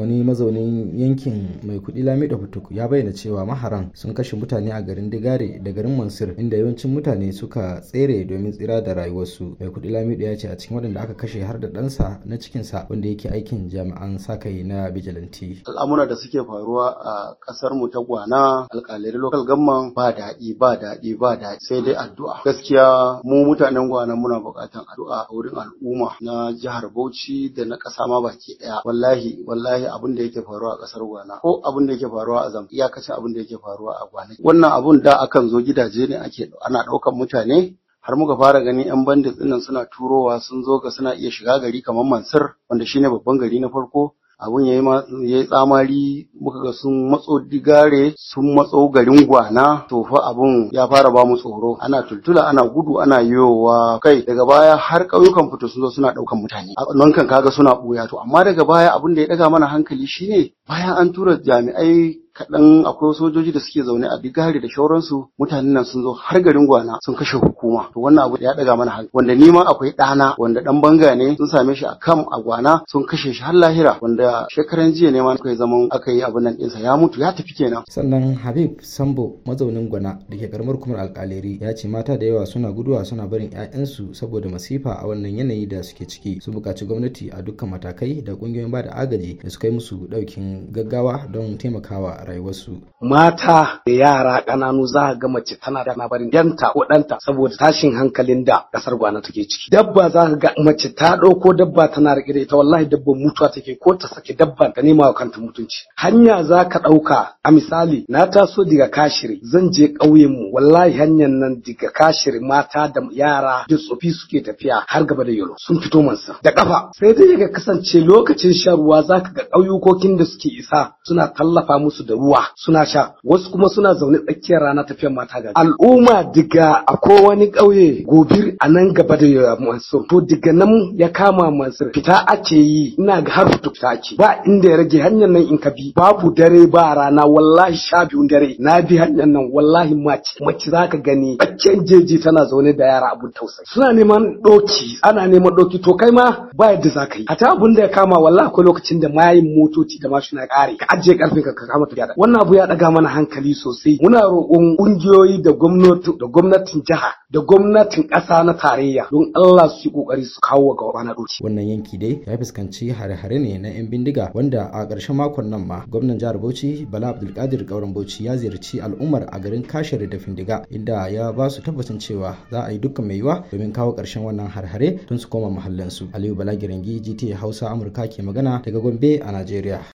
wani mazaunin yankin mai kuɗi lamido fituk ya bayyana cewa maharan sun kashe mutane a garin digare da garin mansur inda yawancin mutane suka tsere domin tsira da rayuwarsu mai kuɗi lamido ya ce a cikin waɗanda aka kashe har da ɗansa na cikinsa wanda yake aikin jami'an sakai na bijilanti al'amura da suke faruwa a ƙasar mu ta gwana alƙalai lokal gamman ba daɗi ba daɗi ba daɗi sai dai addu'a gaskiya mu mutanen gwana muna buƙatan addu'a a wurin al'umma na jihar bauchi da na ƙasa ma baki ɗaya wallahi wallahi abin da yake faruwa a kasar gwana, ko abin da yake faruwa a Zam iyakacin abin da yake faruwa a gwana wannan abun da akan zo gidaje ne ake ana daukan mutane har muka fara gani yan bandit dinnan suna turowa sun zo ga suna iya shiga gari kamar Mansur wanda shine babban gari na farko abun ya yi tsamari muka ga sun matso digare sun matso garin gwana to fa abun ya fara ba mu tsoro ana tultula ana gudu ana yowa kai daga baya har ƙauyukan fito sun zo suna ɗaukan mutane a nan kan kaga suna ɓuya to amma daga baya abun da ya ɗaga mana hankali shine bayan an tura jami'ai kaɗan akwai sojoji da suke zaune a digari da shauransu mutanen nan sun zo har garin gwana sun kashe hukuma to wannan abu ya ɗaga mana hankali wanda ni akwai ɗana wanda ɗan banga ne sun same shi a kam a gwana sun kashe shi har lahira wanda shekaran jiya ne ma kai zaman aka yi abin nan ɗinsa ya mutu ya tafi kenan. sannan habib sambo mazaunin gwana da ke karamar kumar alkaleri ya ce mata da yawa suna guduwa suna barin 'ya'yansu saboda masifa a wannan yanayi da suke ciki su buƙaci gwamnati a dukkan matakai da ƙungiyoyin ba da agaji da suka kai musu ɗaukin gaggawa don taimakawa rayuwarsu. Mata da yara ƙananu za ga mace tana da barin yanta ko ɗanta saboda tashin hankalin da ƙasar Gwana take ciki. Dabba za ka ga mace ta ɗauko dabba tana riƙe da ita wallahi dabban mutuwa take ko ta sake dabba ta nema wa kanta mutunci. Hanya za ka ɗauka a misali na taso daga kashiri zan je ƙauyen mu wallahi hanyar nan daga kashiri mata da yara da tsofi suke tafiya har gaba da yalo sun fito mansa da ƙafa sai dai ka kasance lokacin shan ruwa za ka ga ƙauyukokin da suke isa suna tallafa musu da ruwa suna sha wasu kuma suna zaune tsakiyar rana tafiyar mata gari al'umma diga akwai wani ƙauye gobir a nan gaba da mansur to diga nan ya kama mansur fita ake yi ina ga har fita ake ba inda ya rage hanyar nan in ka bi babu dare ba rana wallahi sha biyun dare na bi hanyar nan wallahi mace mace za ka gani baccen jeji tana zaune da yara abun tausayi suna neman ɗoki ana neman ɗoki to kai ma ba yadda za ka yi a ta abun da ya kama wallahi akwai lokacin da mayin motoci da mashina ƙare ka ajiye ƙarfin ka ka kama gyara wannan abu ya daga mana hankali sosai muna roƙon ƙungiyoyi da gwamnati da gwamnatin jiha da gwamnatin ƙasa na tarayya don Allah su yi ƙoƙari su kawo ga gaba na wannan yanki dai ya fuskanci hare-hare ne na yan bindiga wanda a ƙarshen makon nan ma gwamnan jihar Bauchi Bala Abdulkadir Gauran Bauchi ya ziyarci al'ummar a garin kashar da Findiga inda ya ba su tabbacin cewa za a yi dukkan mai yiwa domin kawo ƙarshen wannan har-hare don su koma mahallansu. Aliyu Bala Girangi GT Hausa Amurka ke magana daga Gombe a Najeriya.